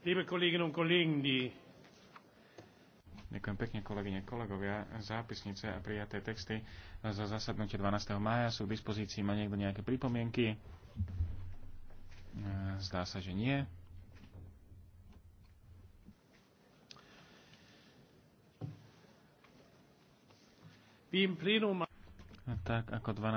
Ďakujem pekne, kolegyne, kolegovia. Zápisnice a prijaté texty za zasadnutie 12. mája sú k dispozícii. Má niekto nejaké pripomienky? E, zdá sa, že nie. Tak ako 12.